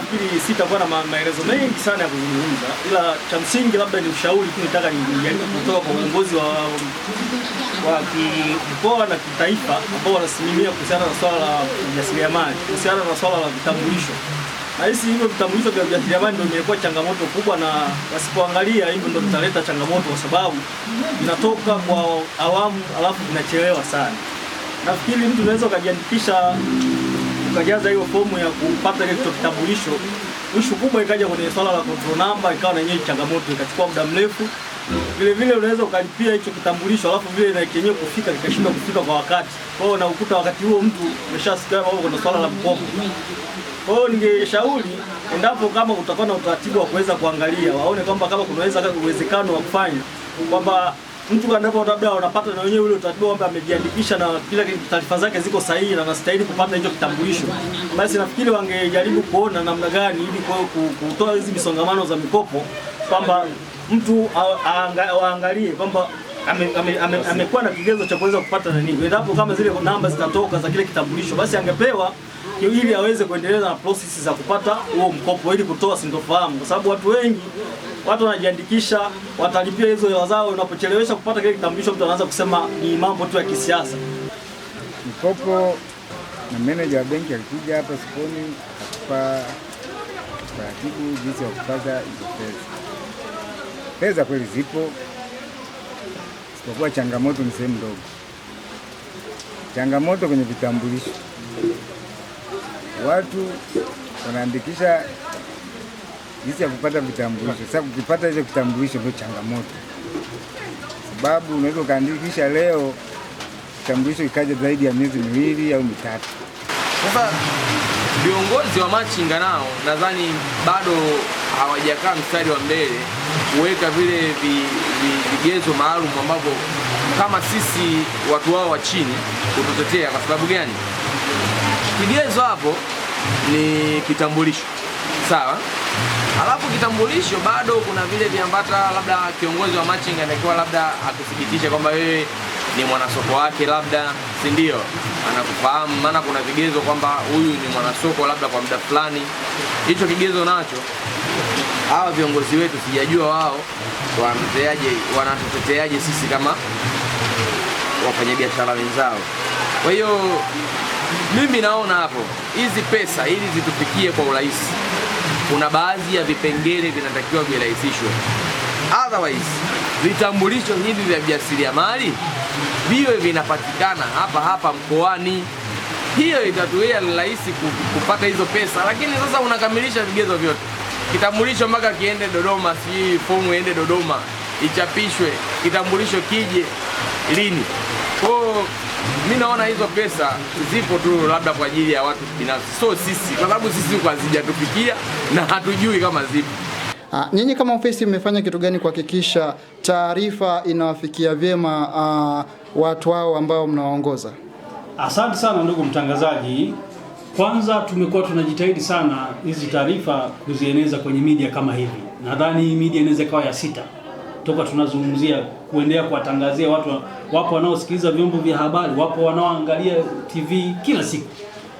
nafikiri sitakuwa na maelezo mengi sana ya kuzungumza, ila cha msingi labda ni ushauri tu nataka nijaribu kutoka kwa uongozi wa wa mkoa na kitaifa ambao wanasimamia kuhusiana na swala la ujasiriamali, kuhusiana na swala la vitambulisho. Nahisi hivyo vitambulisho vya ujasiriamali ndio imekuwa changamoto kubwa, na wasipoangalia hivyo ndio vitaleta changamoto, kwa sababu vinatoka kwa awamu alafu vinachelewa sana. Nafikiri mtu unaweza ukajiandikisha tukajaza hiyo fomu ya kupata ile kitambulisho. Ishu kubwa ikaja kwenye swala la control number, ikawa na yenyewe changamoto, ikachukua muda mrefu. Vile vile unaweza ukalipia hicho kitambulisho, alafu vile na kenyewe kufika kikashindwa kufika kwa wakati. Kwa hiyo unakuta wakati huo mtu umeshasikia mambo kuna swala la mkopo. Kwa hiyo ningeshauri endapo kama utakuwa na utaratibu wa kuweza kuangalia, waone kwamba kama kunaweza kuwezekano wa kufanya kwamba mtu anapo labda unapata na wenyewe ule utaratibu kwamba amejiandikisha na kila taarifa zake ziko sahihi na anastahili kupata hicho kitambulisho, basi nafikiri wangejaribu kuona namna gani ili kutoa hizi misongamano za mikopo, kwamba mtu waangalie kwamba amekuwa na kigezo cha kuweza kupata nini, endapo kama zile namba zitatoka za kile kitambulisho, basi angepewa ili aweze kuendeleza na prosesi za kupata huo mkopo ili kutoa sintofahamu, kwa sababu watu wengi watu wanajiandikisha watalipia hizo hela zao. Unapochelewesha kupata kile kitambulisho, mtu anaanza kusema ni mambo tu ya kisiasa mkopo. Na meneja wa benki alikuja hapa sokoni akatupa taratibu jinsi ya kupata hizo pesa. Pesa kweli zipo, isipokuwa changamoto ni sehemu ndogo, changamoto kwenye vitambulisho watu wanaandikisha jinsi ya kupata vitambulisho. Sasa ukipata hizo vitambulisho ndio changamoto, sababu unaweza ukaandikisha leo kitambulisho ikaja zaidi ya miezi miwili au mitatu. Sasa viongozi wa machinga nao nadhani bado hawajakaa mstari wa mbele kuweka vile vigezo maalum ambavyo kama sisi watu wao wa chini kututetea. Kwa sababu gani? Kigezo hapo ni kitambulisho, sawa. Alafu kitambulisho bado kuna vile viambata, labda kiongozi wa matching anakiwa labda akuthibitishe kwamba wewe ni mwanasoko wake, labda si ndio anakufahamu, maana kuna vigezo kwamba huyu ni mwanasoko labda kwa muda fulani. Hicho kigezo nacho hawa viongozi wetu sijajua wao wanamteaje, wanatuteteaje sisi kama wafanyabiashara wenzao. Kwa hiyo mimi naona hapo hizi pesa ili zitufikie kwa urahisi, kuna baadhi ya vipengele vinatakiwa virahisishwe, otherwise vitambulisho hivi vya mali viwe vinapatikana hapa hapa mkoani. Hiyo itatuia ni rahisi kupata hizo pesa, lakini sasa unakamilisha vigezo vyote, kitambulisho mpaka kiende Dodoma, sijui fomu iende Dodoma ichapishwe, kitambulisho kije lini? Kwa mi naona hizo pesa zipo tu labda kwa ajili ya watu binafsi, so sisi, kwa sababu sisi hazijatufikia na hatujui kama zipo. Ah, nyinyi kama ofisi mmefanya kitu gani kuhakikisha taarifa inawafikia vyema ah, watu hao ambao mnawaongoza? Asante sana ndugu mtangazaji. Kwanza tumekuwa tunajitahidi sana hizi taarifa kuzieneza kwenye media kama hivi, nadhani hii media inaweza ikawa ya sita toka tunazungumzia kuendelea kuwatangazia watu. Wapo wanaosikiliza vyombo vya habari, wapo wanaoangalia TV kila siku.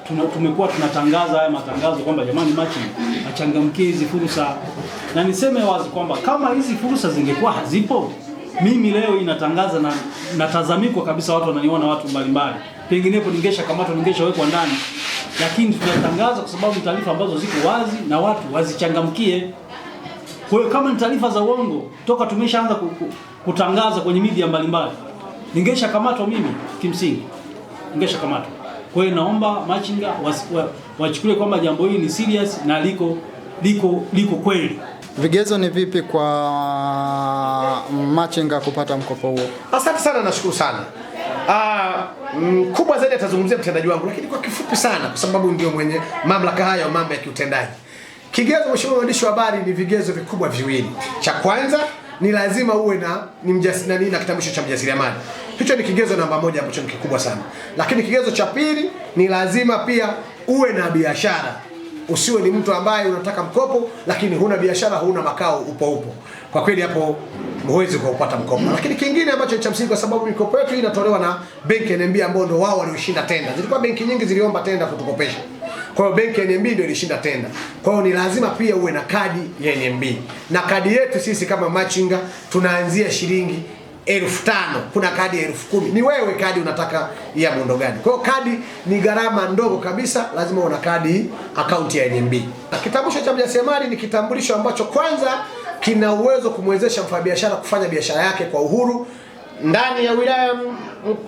Tuna, tumekuwa tunatangaza haya matangazo kwamba jamani, machi achangamkie hizi fursa, na niseme wazi kwamba kama hizi fursa zingekuwa hazipo, mimi leo inatangaza na natazamikwa kabisa, watu wananiona, watu mbalimbali, penginepo ningesha kamatwa, wekwa ndani, lakini tunatangaza kwa sababu taarifa ambazo ziko wazi na watu wazichangamkie. Kwa hiyo kama ni taarifa za uongo, toka tumeshaanza kutangaza kwenye media mbalimbali, ningesha kamatwa mimi, kimsingi ningesha kamatwa. Kwa hiyo naomba machinga wachukulie kwamba jambo hili ni serious na liko liko liko kweli. Vigezo ni vipi kwa machinga kupata mkopo huo? Asante sana, nashukuru sana. Uh, kubwa zaidi atazungumzia mtendaji wangu, lakini kwa kifupi sana, kwa sababu ndio mwenye mamlaka hayo mambo ya kiutendaji. Kigezo, mheshimiwa mwandishi wa habari, ni vigezo vikubwa viwili. Cha kwanza ni lazima uwe na ni mjasiri mjasiriamali na kitambulisho cha mjasiriamali. Hicho ni kigezo namba moja ambacho ni kikubwa sana, lakini kigezo cha pili ni lazima pia uwe na biashara. Usiwe ni mtu ambaye unataka mkopo lakini huna biashara, huna makao, upo upo, kwa kweli hapo huwezi kupata mkopo. Lakini kingine ambacho ni cha msingi, kwa sababu mikopo yetu inatolewa na benki NMB, ambao ndio wao walioshinda tenda. Zilikuwa benki nyingi ziliomba tenda kutukopesha kwa hiyo benki ya NMB ndio ilishinda tenda. Kwa hiyo ni lazima pia uwe na kadi ya NMB, na kadi yetu sisi kama machinga tunaanzia shilingi elfu tano. Kuna kadi ya elfu kumi. Ni wewe kadi unataka ya muundo gani? Kwa hiyo kadi ni gharama ndogo kabisa, lazima una kadi akaunti ya NMB. Kitambulisho cha mjasiriamali ni kitambulisho ambacho kwanza kina uwezo kumwezesha mfanyabiashara kufanya biashara yake kwa uhuru ndani ya wilaya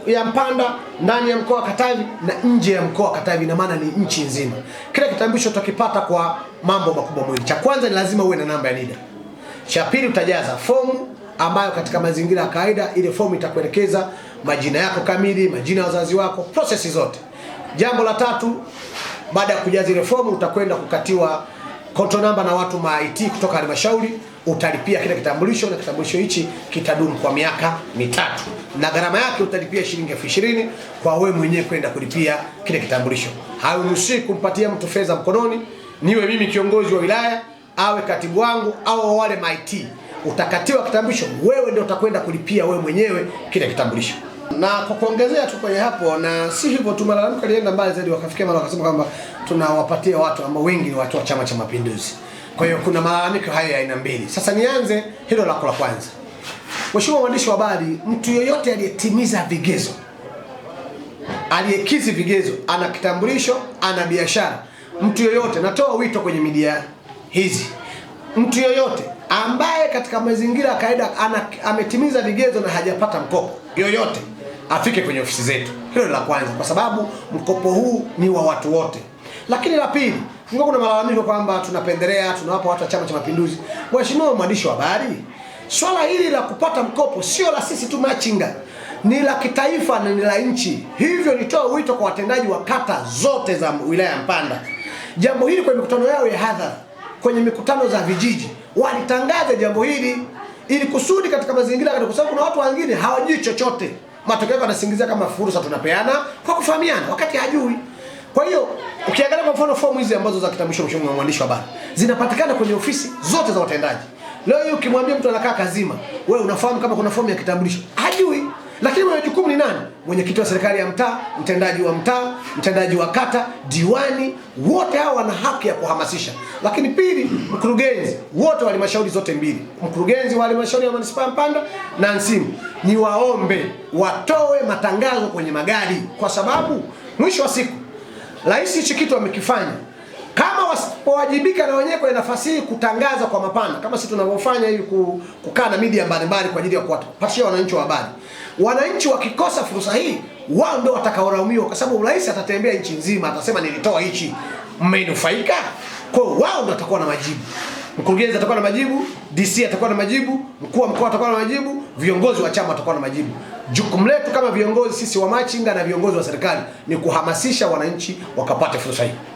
ya Mpanda, ndani ya mkoa wa Katavi na nje ya mkoa wa Katavi, na maana ni nchi nzima. Kile kitambulisho utakipata kwa mambo makubwa mawili. Cha kwanza ni lazima uwe na namba ya NIDA. Cha pili utajaza fomu ambayo katika mazingira ya kawaida ile fomu itakuelekeza majina yako kamili, majina ya wazazi wako, prosesi zote. Jambo la tatu, baada ya kujaza ile fomu utakwenda kukatiwa konto namba na watu maiti kutoka halmashauri utalipia kile kitambulisho na kitambulisho hichi kitadumu kwa miaka mitatu, na gharama yake utalipia shilingi elfu ishirini kwa wewe mwenyewe kwenda kulipia kile kitambulisho. Hauruhusi kumpatia mtu fedha mkononi, niwe mimi kiongozi wa wilaya, awe katibu wangu au wale maiti, utakatiwa kitambulisho, wewe ndio utakwenda kulipia wewe mwenyewe kile kitambulisho. Na kwa kuongezea tu kwenye hapo, na si hivyo tu, malalamiko alienda mbali zaidi, wakafikia mara wakasema kwamba tunawapatia watu ambao wengi ni watu wa Chama cha Mapinduzi. Kwa hiyo kuna malalamiko hayo ya aina mbili. Sasa nianze hilo lako la kwanza. Mheshimiwa mwandishi wa habari, mtu yoyote aliyetimiza vigezo, aliyekizi vigezo, ana kitambulisho, ana biashara, mtu yoyote, natoa wito kwenye media hizi, mtu yoyote ambaye katika mazingira ya kawaida ametimiza vigezo na hajapata mkopo yoyote afike kwenye ofisi zetu. Hilo ni la kwanza, kwa sababu mkopo huu ni wa watu wote. Lakini la pili, kuna malalamiko kwamba tunapendelea, tunawapa watu wa Chama cha Mapinduzi. Mheshimiwa mwandishi wa habari, swala hili la kupata mkopo sio la sisi tu machinga, ni la kitaifa na ni la nchi. Hivyo nitoa wito kwa watendaji wa kata zote za wilaya ya Mpanda, jambo hili kwenye mikutano yao ya hadhara, kwenye mikutano za vijiji walitangaza jambo hili ili kusudi katika mazingira, kwa sababu kuna watu wengine hawajui chochote matokeo yake anasingizia kama fursa tunapeana kwa kufahamiana wakati hajui. Kwa hiyo ukiangalia kwa mfano fomu hizi ambazo za kitambulisho mshumu mwandishi wa habari zinapatikana kwenye ofisi zote za watendaji. Leo hii ukimwambia mtu anakaa Kazima, wewe unafahamu kama kuna fomu ya kitambulisho? Hajui. Lakini mwenye jukumu ni nani? Mwenyekiti wa serikali ya mtaa, mtendaji wa mtaa, mtendaji wa kata, diwani, wote hao wana haki ya kuhamasisha. Lakini pili, mkurugenzi wote wa halmashauri zote mbili, mkurugenzi wa halmashauri ya manispaa Mpanda na Nsimu, ni waombe watoe matangazo kwenye magari, kwa sababu mwisho wa siku rais hichi kitu amekifanya wasipowajibika na wenyewe kwenye nafasi hii kutangaza kwa mapana, kama sisi tunavyofanya hivi, kukaa na media mbalimbali kwa ajili ya kuwapatia wananchi wa habari. Wananchi wakikosa fursa hii, wao ndio watakaolaumiwa, kwa sababu rais atatembea nchi nzima, atasema nilitoa hichi, mmenufaika. Kwa hiyo wao ndio watakuwa na majibu. Mkurugenzi atakuwa na majibu, DC atakuwa na majibu, mkuu wa mkoa atakuwa na majibu, viongozi wa chama watakuwa na majibu. Jukumu letu kama viongozi sisi wa machinga na viongozi wa serikali ni kuhamasisha wananchi wakapate fursa hii.